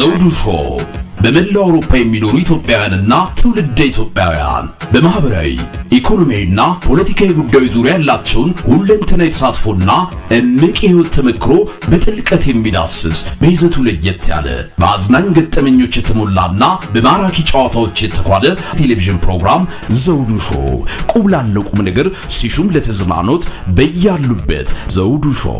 ዘውዱ ሾው በመላው አውሮፓ የሚኖሩ ኢትዮጵያውያንና ትውልደ ኢትዮጵያውያን በማህበራዊ ኢኮኖሚያዊና ፖለቲካዊ ጉዳዮች ዙሪያ ያላቸውን ሁለንተናዊ ተሳትፎና እምቅ የህይወት ተመክሮ በጥልቀት የሚዳስስ በይዘቱ ለየት ያለ በአዝናኝ ገጠመኞች የተሞላና በማራኪ ጨዋታዎች የተኳለ ቴሌቪዥን ፕሮግራም ዘውዱ ሾው ቁም ላለው ቁም ነገር ሲሹም ለተዝናኖት በያሉበት ዘውዱ ሾው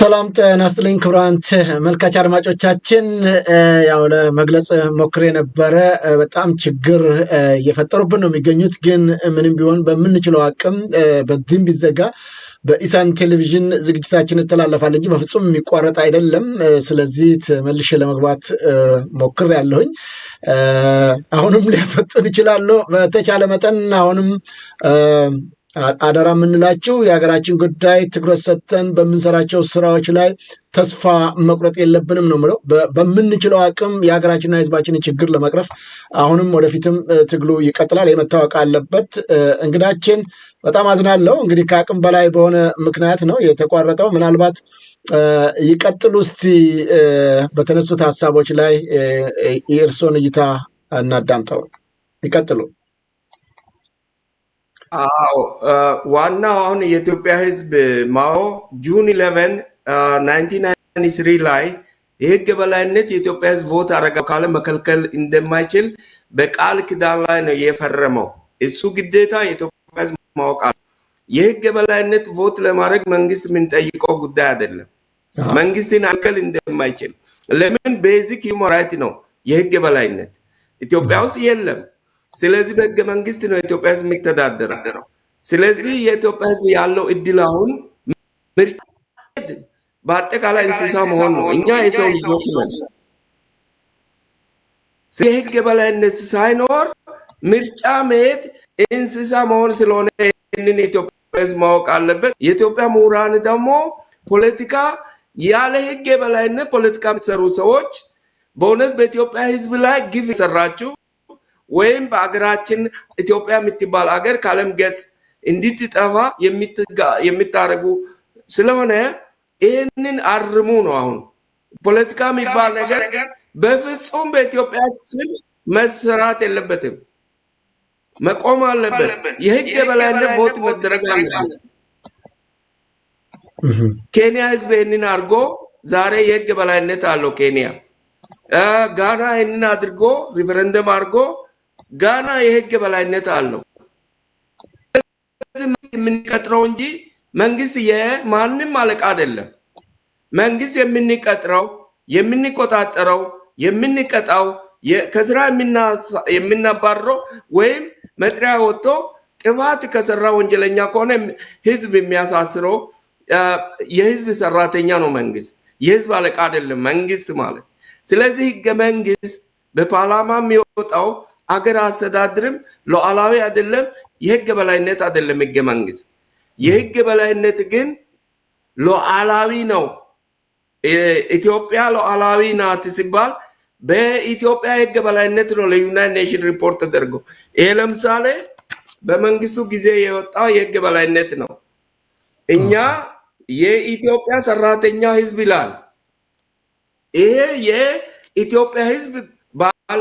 ሰላም ጤና ይስጥልኝ ክቡራን ተመልካች አድማጮቻችን፣ ያው ለመግለጽ ሞክሬ ነበረ። በጣም ችግር እየፈጠሩብን ነው የሚገኙት። ግን ምንም ቢሆን በምንችለው አቅም በዚህም ቢዘጋ በኢሳን ቴሌቪዥን ዝግጅታችን እተላለፋል እንጂ በፍጹም የሚቋረጥ አይደለም። ስለዚህ ተመልሼ ለመግባት ሞክር ያለሁኝ አሁንም ሊያስወጡን ይችላሉ። በተቻለ መጠን አሁንም አደራ የምንላችሁ የሀገራችን ጉዳይ ትኩረት ሰጥተን በምንሰራቸው ስራዎች ላይ ተስፋ መቁረጥ የለብንም ነው ምለው። በምንችለው አቅም የሀገራችንና የሕዝባችንን ችግር ለመቅረፍ አሁንም ወደፊትም ትግሉ ይቀጥላል፣ መታወቅ አለበት። እንግዳችን በጣም አዝናለው እንግዲህ ከአቅም በላይ በሆነ ምክንያት ነው የተቋረጠው። ምናልባት ይቀጥሉ እስቲ በተነሱት ሀሳቦች ላይ የእርሶን እይታ እናዳምጠው። ይቀጥሉ። አዎ ዋናው አሁን የኢትዮጵያ ህዝብ ማኦ ጁን ኢለቨን ናይንቲን ላይ የህግ በላይነት የኢትዮጵያ ሕዝብ ቮት አረጋ ካለ መከልከል እንደማይችል በቃል ክዳን ላይ ነው የፈረመው። እሱ ግዴታ የኢትዮጵያ ሕዝብ ማወቅ አለ። የህግ የበላይነት ቮት ለማድረግ መንግስት የምንጠይቀው ጉዳይ አይደለም። መንግስትን አልከል እንደማይችል ለምን ቤዚክ ሂውማን ራይት ነው የህግ የበላይነት ኢትዮጵያ ውስጥ የለም። ስለዚህ በህገ መንግስት ነው የኢትዮጵያ ህዝብ የሚተዳደረው። ስለዚህ የኢትዮጵያ ህዝብ ያለው እድል አሁን ምርጫ በአጠቃላይ እንስሳ መሆን ነው። እኛ የሰው ልጆች ነን። የህግ የበላይነት ሳይኖር ምርጫ መሄድ እንስሳ መሆን ስለሆነ ይህንን የኢትዮጵያ ህዝብ ማወቅ አለበት። የኢትዮጵያ ምሁራን ደግሞ ፖለቲካ ያለ ህግ የበላይነት ፖለቲካ የሚሰሩ ሰዎች በእውነት በኢትዮጵያ ህዝብ ላይ ግፍ ይሰራችሁ ወይም በሀገራችን ኢትዮጵያ የምትባል ሀገር ከዓለም ገጽ እንድትጠፋ የምታደርጉ ስለሆነ ይህንን አርሙ ነው። አሁን ፖለቲካ የሚባል ነገር በፍጹም በኢትዮጵያ ስም መሰራት የለበትም፣ መቆም አለበት። የህግ የበላይነት ቦት መደረግ ኬንያ ህዝብ ይህንን አድርጎ ዛሬ የህግ የበላይነት አለው። ኬንያ ጋና ይህንን አድርጎ ሪፈረንደም አድርጎ ጋና የህግ በላይነት አለው። የምንቀጥረው እንጂ መንግስት የማንም አለቃ አይደለም። መንግስት የምንቀጥረው የምንቆጣጠረው፣ የምንቀጣው፣ ከስራ የምናባረው ወይም መጥሪያ ወጥቶ ጥፋት ከሰራ ወንጀለኛ ከሆነ ህዝብ የሚያሳስረው የህዝብ ሰራተኛ ነው። መንግስት የህዝብ አለቃ አይደለም መንግስት ማለት። ስለዚህ ህገ መንግስት በፓርላማ የሚወጣው አገር አስተዳድርም ሉዓላዊ አይደለም። የህግ በላይነት አይደለም ህገ መንግስት። የህግ በላይነት ግን ሉዓላዊ ነው። ኢትዮጵያ ሉዓላዊ ናት ሲባል በኢትዮጵያ የህግ በላይነት ነው ለዩናይት ኔሽን ሪፖርት ተደርጎ። ይሄ ለምሳሌ በመንግስቱ ጊዜ የወጣው የህግ በላይነት ነው። እኛ የኢትዮጵያ ሰራተኛ ህዝብ ይላል። ይሄ የኢትዮጵያ ህዝብ ባለ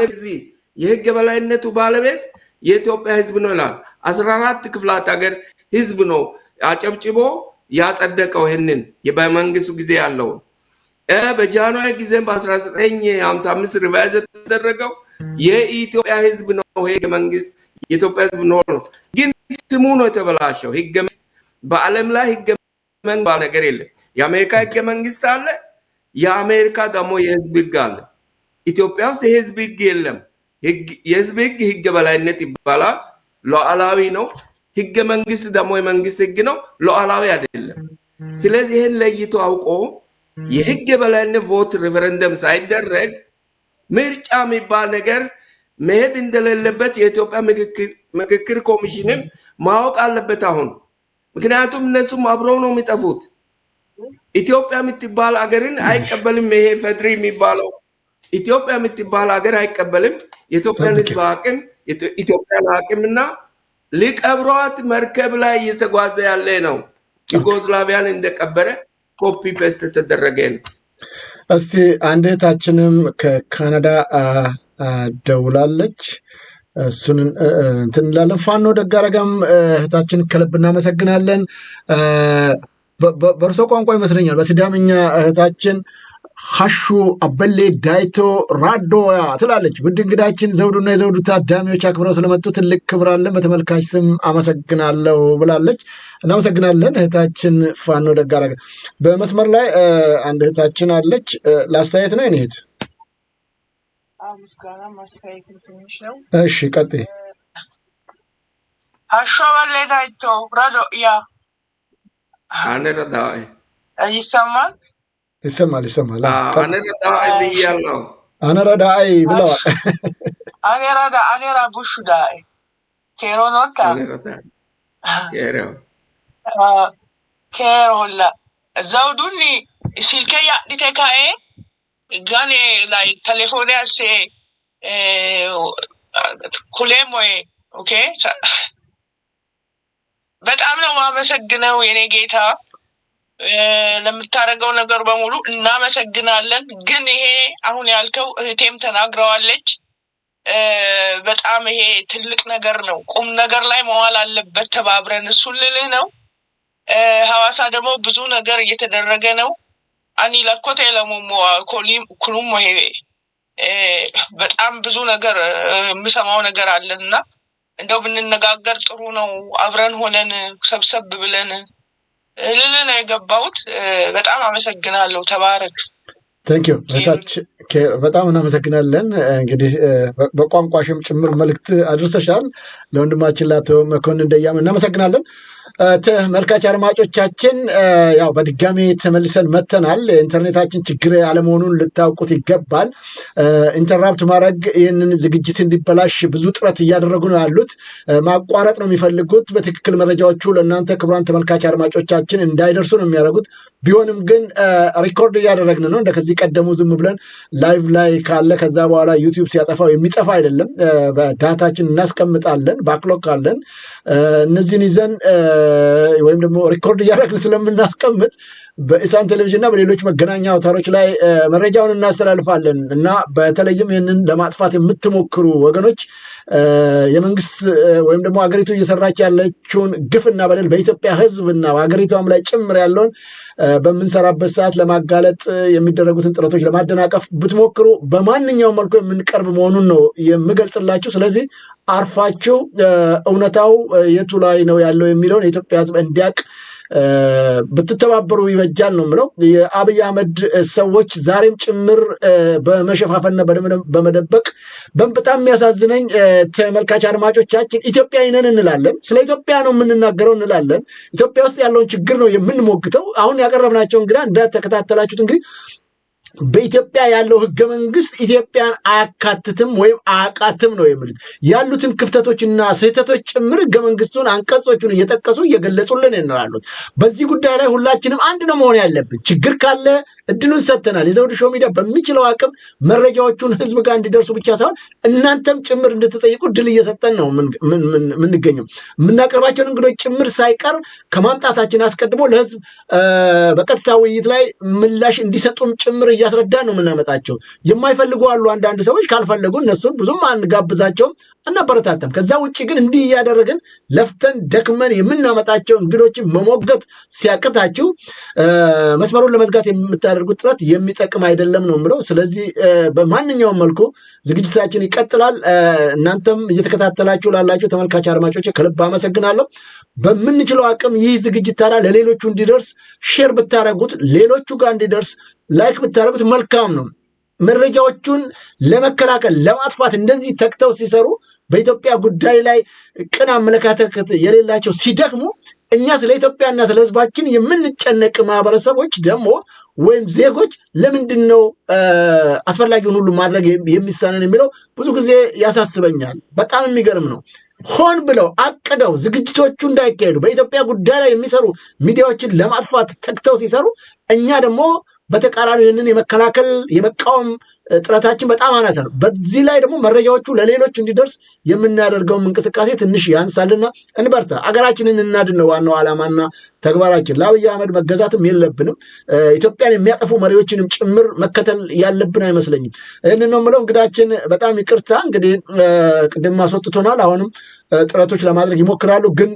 የህግ የበላይነቱ ባለቤት የኢትዮጵያ ህዝብ ነው ይላል። አስራ አራት ክፍላት ሀገር ህዝብ ነው አጨብጭቦ ያጸደቀው ይህንን በመንግስቱ ጊዜ ያለውን በጃንዋሪ ጊዜም በ1955 ሪቫይዝ የተደረገው የኢትዮጵያ ህዝብ ነው ህገ መንግስት የኢትዮጵያ ህዝብ ነው ነው። ግን ስሙ ነው የተበላሸው። ህገ መንግስት በዓለም ላይ ህገ መንግስት ነገር የለም። የአሜሪካ ህገ መንግስት አለ። የአሜሪካ ደግሞ የህዝብ ህግ አለ። ኢትዮጵያ ውስጥ የህዝብ ህግ የለም። የህዝብ ህግ ህገ በላይነት ይባላል። ሉዓላዊ ነው። ህገ መንግስት ደግሞ የመንግስት ህግ ነው፣ ሉዓላዊ አይደለም። ስለዚህ ይህን ለይቶ አውቆ የህግ የበላይነት ቮት ሪፈረንደም ሳይደረግ ምርጫ የሚባል ነገር መሄድ እንደሌለበት የኢትዮጵያ ምክክር ኮሚሽንም ማወቅ አለበት አሁን። ምክንያቱም እነሱም አብረው ነው የሚጠፉት። ኢትዮጵያ የምትባል አገርን አይቀበልም ይሄ ፈድሪ የሚባለው ኢትዮጵያ የምትባል ሀገር አይቀበልም። የኢትዮጵያን ሕዝብ አቅም ኢትዮጵያን አቅምና ሊቀብሯት መርከብ ላይ እየተጓዘ ያለ ነው። ዩጎዝላቪያን እንደቀበረ ኮፒ ፔስት ተደረገ ነው። እስቲ አንድ እህታችንም ከካናዳ ደውላለች። እሱን እንትን እንላለን። ፋኖ ደጋረጋም እህታችን ከልብ እናመሰግናለን። በእርሶ ቋንቋ ይመስለኛል በሲዳምኛ እህታችን ሀሹ አበሌ ዳይቶ ራዶያ ትላለች። ውድ እንግዳችን ዘውዱና የዘውዱ ታዳሚዎች አክብረው ስለመጡ ትልቅ ክብር አለን፣ በተመልካች ስም አመሰግናለሁ ብላለች። እናመሰግናለን እህታችን ፋኖ ደጋረገ። በመስመር ላይ አንድ እህታችን አለች። ለአስተያየት ነው እህት። እሺ ቀጥይ። ሀሹ አበሌ ዳይቶ ራዶያ ይሰማል ይሰማል ይሰማል። ብያለሁ አነራ ብለዋል። አኔራ አኔራ ቡሹ ዳአይ ኬሮ ኖታ ኬሮ ሁላ ዘውዱኒ ሲልኬ ያድቴ ካኤ ጋኔ ላይ ተሌፎኔ አሴ ኩሌም ወይ ኦኬ። በጣም ነው ማመሰግነው የኔ ጌታ ለምታደርገው ነገር በሙሉ እናመሰግናለን። ግን ይሄ አሁን ያልከው እህቴም ተናግረዋለች። በጣም ይሄ ትልቅ ነገር ነው። ቁም ነገር ላይ መዋል አለበት። ተባብረን እሱን ልልህ ነው። ሀዋሳ ደግሞ ብዙ ነገር እየተደረገ ነው። አኒ ለኮቴ ለሞሞ ኩሉም ይሄ በጣም ብዙ ነገር የምሰማው ነገር አለን እና እንደው ብንነጋገር ጥሩ ነው። አብረን ሆነን ሰብሰብ ብለን ልልን የገባሁት በጣም አመሰግናለሁ። ተባረክ። ታንኪዩ በጣም እናመሰግናለን። እንግዲህ በቋንቋሽም ጭምር መልእክት አድርሰሻል። ለወንድማችን ለአቶ መኮንን ደያም እናመሰግናለን። ተመልካች አድማጮቻችን ያው በድጋሚ ተመልሰን መተናል። ኢንተርኔታችን ችግር አለመሆኑን ልታውቁት ይገባል። ኢንተራፕት ማድረግ ይህንን ዝግጅት እንዲበላሽ ብዙ ጥረት እያደረጉ ነው ያሉት። ማቋረጥ ነው የሚፈልጉት። በትክክል መረጃዎቹ ለእናንተ ክቡራን ተመልካች አድማጮቻችን እንዳይደርሱ ነው የሚያደርጉት። ቢሆንም ግን ሪኮርድ እያደረግን ነው። እንደ ከዚህ ቀደሙ ዝም ብለን ላይቭ ላይ ካለ ከዛ በኋላ ዩቲዩብ ሲያጠፋው የሚጠፋ አይደለም። በዳታችን እናስቀምጣለን። ባክሎክ አለን። እነዚህን ይዘን ወይም ደግሞ ሪኮርድ እያደረግን ስለምናስቀምጥ በኢሳን ቴሌቪዥን እና በሌሎች መገናኛ አውታሮች ላይ መረጃውን እናስተላልፋለን እና በተለይም ይህንን ለማጥፋት የምትሞክሩ ወገኖች የመንግስት ወይም ደግሞ ሀገሪቱ እየሰራች ያለችውን ግፍና በደል በኢትዮጵያ ሕዝብ እና በሀገሪቷም ላይ ጭምር ያለውን በምንሰራበት ሰዓት ለማጋለጥ የሚደረጉትን ጥረቶች ለማደናቀፍ ብትሞክሩ በማንኛውም መልኩ የምንቀርብ መሆኑን ነው የምገልጽላችሁ። ስለዚህ አርፋችሁ እውነታው የቱ ላይ ነው ያለው የሚለውን የኢትዮጵያ ሕዝብ እንዲያውቅ ብትተባበሩ ይበጃል ነው የምለው። የአብይ አህመድ ሰዎች ዛሬም ጭምር በመሸፋፈንና በመደበቅ በጣም የሚያሳዝነኝ ተመልካች አድማጮቻችን ኢትዮጵያ ይነን እንላለን፣ ስለ ኢትዮጵያ ነው የምንናገረው እንላለን፣ ኢትዮጵያ ውስጥ ያለውን ችግር ነው የምንሞግተው። አሁን ያቀረብናቸው እንግዳ እንደተከታተላችሁት እንግዲህ በኢትዮጵያ ያለው ህገ መንግስት ኢትዮጵያን አያካትትም ወይም አያቃትም ነው የሚሉት። ያሉትን ክፍተቶችና ስህተቶች ጭምር ህገ መንግስቱን አንቀጾቹን እየጠቀሱ እየገለጹልን ያሉት። በዚህ ጉዳይ ላይ ሁላችንም አንድ ነው መሆን ያለብን። ችግር ካለ እድሉን ሰጥተናል። የዘውዱ ሾው ሚዲያ በሚችለው አቅም መረጃዎቹን ህዝብ ጋር እንዲደርሱ ብቻ ሳይሆን እናንተም ጭምር እንድትጠይቁ እድል እየሰጠን ነው የምንገኘው። የምናቀርባቸውን እንግዶች ጭምር ሳይቀር ከማምጣታችን አስቀድሞ ለህዝብ በቀጥታ ውይይት ላይ ምላሽ እንዲሰጡም ጭምር እያስረዳን ነው የምናመጣቸው። የማይፈልጉ አሉ አንዳንድ ሰዎች ካልፈለጉ እነሱን ብዙም አንጋብዛቸውም፣ አናበረታተም። ከዛ ውጭ ግን እንዲህ እያደረግን ለፍተን ደክመን የምናመጣቸው እንግዶችን መሞገት ሲያቅታችሁ መስመሩን ለመዝጋት የምታደርጉት ጥረት የሚጠቅም አይደለም ነው የምለው። ስለዚህ በማንኛውም መልኩ ዝግጅታችን ይቀጥላል። እናንተም እየተከታተላችሁ ላላችሁ ተመልካች አድማጮች ከልብ አመሰግናለሁ። በምንችለው አቅም ይህ ዝግጅት ታዲያ ለሌሎቹ እንዲደርስ ሼር ብታደረጉት፣ ሌሎቹ ጋር እንዲደርስ ላይክ ብታደረጉት መልካም ነው። መረጃዎቹን ለመከላከል ለማጥፋት እንደዚህ ተግተው ሲሰሩ በኢትዮጵያ ጉዳይ ላይ ቅን አመለካከት የሌላቸው ሲደክሙ፣ እኛ ስለ ኢትዮጵያና ስለ ሕዝባችን የምንጨነቅ ማህበረሰቦች ደግሞ ወይም ዜጎች ለምንድን ነው አስፈላጊውን ሁሉ ማድረግ የሚሳነን የሚለው ብዙ ጊዜ ያሳስበኛል። በጣም የሚገርም ነው። ሆን ብለው አቅደው ዝግጅቶቹ እንዳይካሄዱ በኢትዮጵያ ጉዳይ ላይ የሚሰሩ ሚዲያዎችን ለማጥፋት ተግተው ሲሰሩ እኛ ደግሞ በተቃራኒ ይህንን የመከላከል የመቃወም ጥረታችን በጣም አናሳ ነው። በዚህ ላይ ደግሞ መረጃዎቹ ለሌሎች እንዲደርስ የምናደርገውም እንቅስቃሴ ትንሽ ያንሳልና እንበርታ፣ አገራችንን እናድን ዋናው ዓላማና ተግባራችን። ለአብይ አህመድ መገዛትም የለብንም። ኢትዮጵያን የሚያጠፉ መሪዎችንም ጭምር መከተል ያለብን አይመስለኝም። ይህን ነው የምለው። እንግዳችን በጣም ይቅርታ እንግዲህ ቅድም አስወጥቶናል። አሁንም ጥረቶች ለማድረግ ይሞክራሉ፣ ግን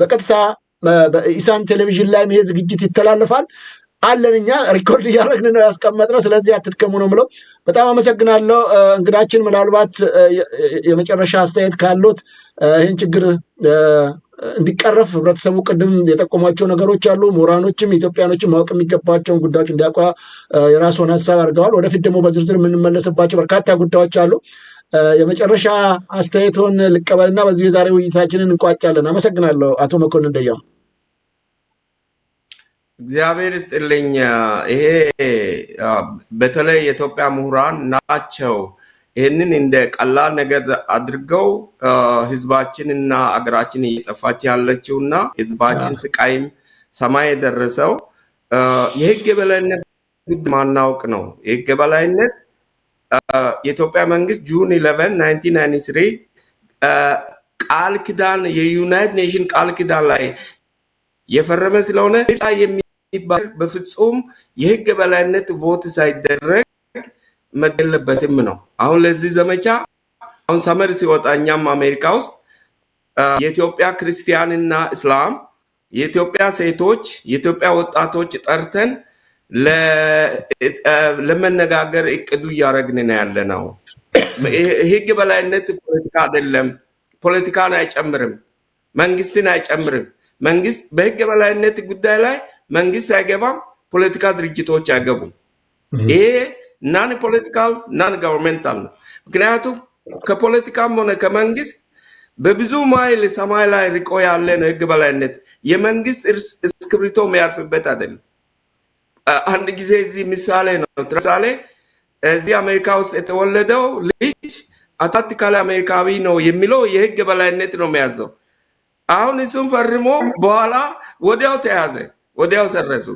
በቀጥታ በኢሳን ቴሌቪዥን ላይ ይሄ ዝግጅት ይተላለፋል። አለን እኛ ሪኮርድ እያደረግን ነው ያስቀመጥነው። ስለዚህ አትድከሙ ነው ምለው። በጣም አመሰግናለሁ እንግዳችን። ምናልባት የመጨረሻ አስተያየት ካሉት ይህን ችግር እንዲቀረፍ ህብረተሰቡ ቅድም የጠቆሟቸው ነገሮች አሉ። ምሁራኖችም ኢትዮጵያኖችም ማወቅ የሚገባቸውን ጉዳዮች እንዲያውቋ የራስዎን ሀሳብ አድርገዋል። ወደፊት ደግሞ በዝርዝር የምንመለስባቸው በርካታ ጉዳዮች አሉ። የመጨረሻ አስተያየቶን ልቀበልና በዚሁ የዛሬ ውይይታችንን እንቋጫለን። አመሰግናለሁ አቶ መኮንን ደያሙ። እግዚአብሔር ይስጥልኝ። ይሄ በተለይ የኢትዮጵያ ምሁራን ናቸው ይህንን እንደ ቀላል ነገር አድርገው ህዝባችን እና አገራችን እየጠፋች ያለችው እና ህዝባችን ስቃይም ሰማይ የደረሰው የህግ የበላይነት ማናውቅ ነው። የህግ የበላይነት የኢትዮጵያ መንግስት ጁን 11 1993 ቃል ኪዳን የዩናይትድ ኔሽን ቃል ኪዳን ላይ የፈረመ ስለሆነ የሚ የሚባል በፍጹም የህግ በላይነት ቮት ሳይደረግ መገለበትም ነው። አሁን ለዚህ ዘመቻ አሁን ሰመር ሲወጣ እኛም አሜሪካ ውስጥ የኢትዮጵያ ክርስቲያንና እስላም፣ የኢትዮጵያ ሴቶች፣ የኢትዮጵያ ወጣቶች ጠርተን ለመነጋገር እቅዱ እያደረግን ነው ያለ ነው። ህግ በላይነት ፖለቲካ አይደለም። ፖለቲካን አይጨምርም። መንግስትን አይጨምርም። መንግስት በህግ በላይነት ጉዳይ ላይ መንግስት አይገባም፣ ፖለቲካ ድርጅቶች አይገቡም። ይሄ ናን ፖለቲካል ናን ጋቨርንመንታል ነው። ምክንያቱም ከፖለቲካም ሆነ ከመንግስት በብዙ ማይል ሰማይ ላይ ርቆ ያለ ነው ህግ በላይነት። የመንግስት እስክብሪቶ የሚያርፍበት አይደለም። አንድ ጊዜ እዚህ ምሳሌ ነው ምሳሌ እዚህ አሜሪካ ውስጥ የተወለደው ልጅ አውቶማቲካሊ አሜሪካዊ ነው የሚለው የህግ በላይነት ነው የሚያዘው። አሁን እሱም ፈርሞ በኋላ ወዲያው ተያዘ። ወዲያው ሰረዙ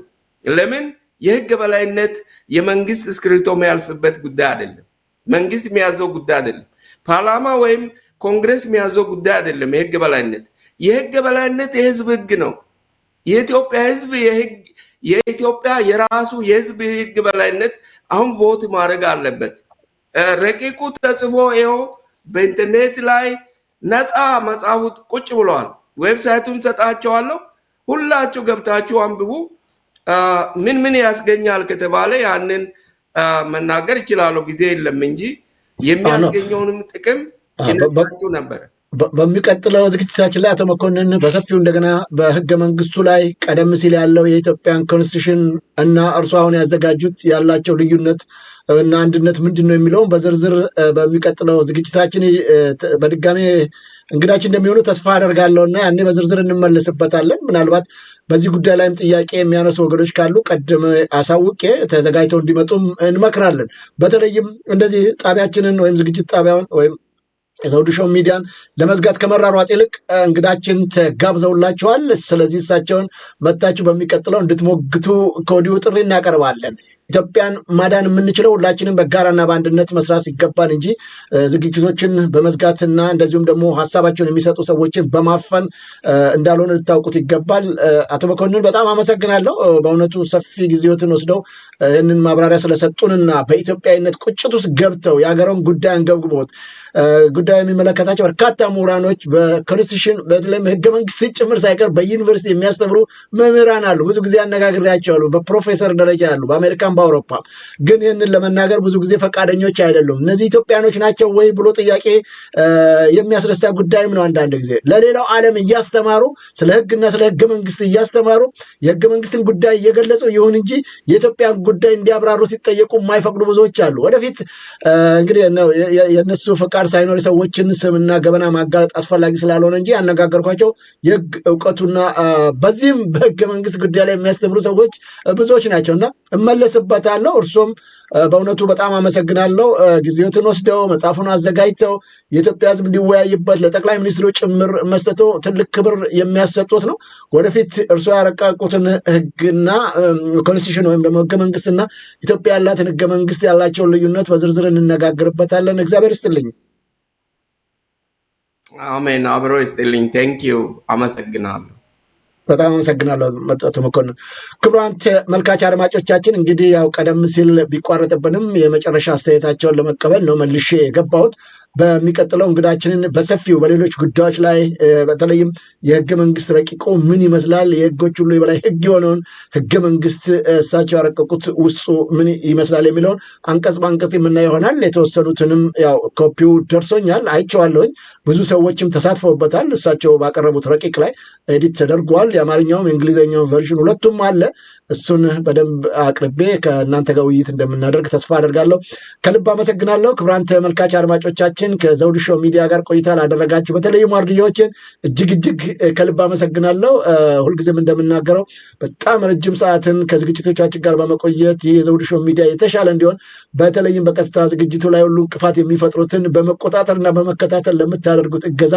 ለምን? የህግ በላይነት የመንግስት እስክሪብቶ የሚያልፍበት ጉዳይ አይደለም። መንግስት የሚያዘው ጉዳይ አይደለም። ፓርላማ ወይም ኮንግረስ የሚያዘው ጉዳይ አይደለም። የህግ በላይነት የህግ በላይነት የህዝብ ህግ ነው። የኢትዮጵያ ህዝብ የኢትዮጵያ የራሱ የህዝብ ህግ በላይነት አሁን ቮት ማድረግ አለበት። ረቂቁ ተጽፎ ይኸው በኢንተርኔት ላይ ነፃ መጽሐፉ ቁጭ ብለዋል። ዌብሳይቱን ሰጣቸዋለሁ። ሁላችሁ ገብታችሁ አንብቡ። ምን ምን ያስገኛል ከተባለ ያንን መናገር ይችላሉ ጊዜ የለም እንጂ የሚያስገኘውንም ጥቅም ይነግራችሁ ነበረ። በሚቀጥለው ዝግጅታችን ላይ አቶ መኮንን በሰፊው እንደገና በህገ መንግስቱ ላይ ቀደም ሲል ያለው የኢትዮጵያን ኮንስቲቱሽን እና እርሱ አሁን ያዘጋጁት ያላቸው ልዩነት እና አንድነት ምንድን ነው የሚለውን በዝርዝር በሚቀጥለው ዝግጅታችን በድጋሜ እንግዳችን እንደሚሆኑ ተስፋ እና ያኔ በዝርዝር እንመለስበታለን። ምናልባት በዚህ ጉዳይ ላይም ጥያቄ የሚያነሱ ወገኖች ካሉ ቀድም አሳውቄ ተዘጋጅተው እንዲመጡም እንመክራለን። በተለይም እንደዚህ ጣቢያችንን ወይም ዝግጅት ጣቢያውን ወይም የዘውዱ ሾው ሚዲያን ለመዝጋት ከመራሯጥ ይልቅ እንግዳችን ተጋብዘውላቸዋል። ስለዚህ እሳቸውን መታችሁ በሚቀጥለው እንድትሞግቱ ከወዲሁ ጥሪ እናቀርባለን። ኢትዮጵያን ማዳን የምንችለው ሁላችንም በጋራና በአንድነት መስራት ይገባል እንጂ ዝግጅቶችን በመዝጋትና እንደዚሁም ደግሞ ሀሳባቸውን የሚሰጡ ሰዎችን በማፈን እንዳልሆነ ልታውቁት ይገባል። አቶ መኮንን በጣም አመሰግናለሁ። በእውነቱ ሰፊ ጊዜዎትን ወስደው ይህንን ማብራሪያ ስለሰጡንና በኢትዮጵያዊነት ቁጭት ውስጥ ገብተው የሀገረውን ጉዳይ አንገብግቦት ጉዳዩ የሚመለከታቸው በርካታ ምሁራኖች በኮንስቲቱሽን በተለይም ህገ መንግስት ጭምር ሳይቀር በዩኒቨርሲቲ የሚያስተምሩ መምህራን አሉ። ብዙ ጊዜ አሉ። በፕሮፌሰር ደረጃ አሉ። በአሜሪካን በአውሮፓ ግን ይህንን ለመናገር ብዙ ጊዜ ፈቃደኞች አይደሉም። እነዚህ ኢትዮጵያኖች ናቸው ወይ ብሎ ጥያቄ የሚያስነሳ ጉዳይም ነው። አንዳንድ ጊዜ ለሌላው ዓለም እያስተማሩ ስለ ህግና ስለ ህገ መንግስት እያስተማሩ የህገ መንግስትን ጉዳይ እየገለጹ ይሁን እንጂ የኢትዮጵያን ጉዳይ እንዲያብራሩ ሲጠየቁ የማይፈቅዱ ብዙዎች አሉ። ወደፊት እንግዲህ የእነሱ ፈቃድ ሳይኖር የሰዎችን ስምና ገበና ማጋለጥ አስፈላጊ ስላልሆነ እንጂ ያነጋገርኳቸው የህግ እውቀቱና በዚህም በህገ መንግስት ጉዳይ ላይ የሚያስተምሩ ሰዎች ብዙዎች ናቸውና እመለስ እጠብቅበታለሁ። እርሱም በእውነቱ በጣም አመሰግናለሁ። ጊዜዎትን ወስደው መጽሐፉን አዘጋጅተው የኢትዮጵያ ሕዝብ እንዲወያይበት ለጠቅላይ ሚኒስትሩ ጭምር መስጠቶ ትልቅ ክብር የሚያሰጡት ነው። ወደፊት እርሶ ያረቀቁትን ሕግና ኮንስቲቱሽን ወይም ደግሞ ሕገ መንግስትና ኢትዮጵያ ያላትን ሕገ መንግስት ያላቸውን ልዩነት በዝርዝር እንነጋገርበታለን። እግዚአብሔር ይስጥልኝ። አሜን። አብሮ ይስጥልኝ። ቴንኪው። አመሰግናለሁ። በጣም አመሰግናለሁ መጽቱ መኮንን። ክቡራንት መልካች አድማጮቻችን እንግዲህ ያው ቀደም ሲል ቢቋረጥብንም የመጨረሻ አስተያየታቸውን ለመቀበል ነው መልሼ የገባሁት። በሚቀጥለው እንግዳችንን በሰፊው በሌሎች ጉዳዮች ላይ በተለይም የህገ መንግስት ረቂቁ ምን ይመስላል፣ የህጎች ሁሉ የበላይ ህግ የሆነውን ህገ መንግስት እሳቸው ያረቀቁት ውስጡ ምን ይመስላል የሚለውን አንቀጽ በአንቀጽ የምና ይሆናል። የተወሰኑትንም ያው ኮፒው ደርሶኛል፣ አይቼዋለሁኝ። ብዙ ሰዎችም ተሳትፈውበታል። እሳቸው ባቀረቡት ረቂቅ ላይ ኤዲት ተደርጓል። የአማርኛውም የእንግሊዝኛው ቨርዥን ሁለቱም አለ። እሱን በደንብ አቅርቤ ከእናንተ ጋር ውይይት እንደምናደርግ ተስፋ አደርጋለሁ። ከልብ አመሰግናለሁ። ክብራንት ተመልካች አድማጮቻችን ከዘውድ ሾው ሚዲያ ጋር ቆይታ ላደረጋችሁ በተለይም ዋርድያዎችን እጅግ እጅግ ከልብ አመሰግናለሁ። ሁልጊዜም እንደምናገረው በጣም ረጅም ሰዓትን ከዝግጅቶቻችን ጋር በመቆየት ይህ የዘውዱ ሾው ሚዲያ የተሻለ እንዲሆን በተለይም በቀጥታ ዝግጅቱ ላይ ሁሉ እንቅፋት የሚፈጥሩትን በመቆጣጠርና በመከታተል ለምታደርጉት እገዛ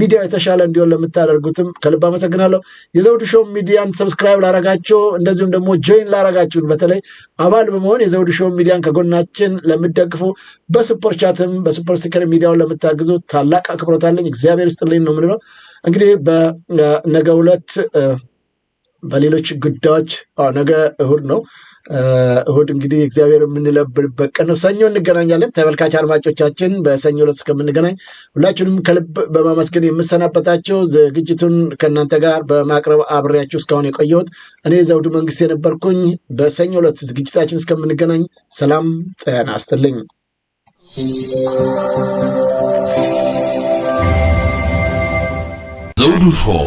ሚዲያው የተሻለ እንዲሆን ለምታደርጉትም ከልብ አመሰግናለሁ። የዘውድ ሾው ሚዲያን ሰብስክራይብ ላረጋቸው እንደዚሁም ደግሞ ጆይን ላረጋችሁን በተለይ አባል በመሆን የዘውድ ሾው ሚዲያን ከጎናችን ለምደግፉ በሱፐር ቻትም በሱፐር ስቲከር ሚዲያውን ለምታግዙ ታላቅ አክብሮት አለኝ። እግዚአብሔር ይስጥልኝ ነው የምንለው። እንግዲህ በነገ ሁለት በሌሎች ጉዳዮች ነገ እሁድ ነው እሁድ እንግዲህ እግዚአብሔር የምንለብልበት ቀን ነው። ሰኞ እንገናኛለን። ተመልካች አድማጮቻችን በሰኞ ዕለት እስከምንገናኝ ሁላችሁንም ከልብ በማመስገን የምሰናበታቸው ዝግጅቱን ከእናንተ ጋር በማቅረብ አብሬያችሁ እስካሁን የቆየሁት እኔ ዘውዱ መንግስት የነበርኩኝ። በሰኞ ዕለት ዝግጅታችን እስከምንገናኝ ሰላም ጤና ይስጥልኝ። ዘውዱ ሾው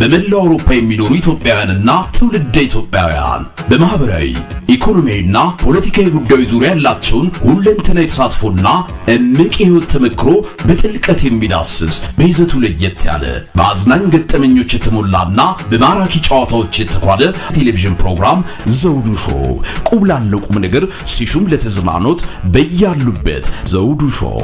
በመላው አውሮፓ የሚኖሩ ኢትዮጵያውያንና ትውልደ ኢትዮጵያውያን በማህበራዊ ኢኮኖሚያዊና ፖለቲካዊ ጉዳዮች ዙሪያ ያላቸውን ሁለንተና ተሳትፎና እምቅ የህይወት ተመክሮ በጥልቀት የሚዳስስ በይዘቱ ለየት ያለ በአዝናኝ ገጠመኞች የተሞላና በማራኪ ጨዋታዎች የተኳለ ቴሌቪዥን ፕሮግራም ዘውዱ ሾው ቁም ላለው ቁም ነገር ሲሹም ለተዝናኖት በያሉበት ዘውዱ ሾው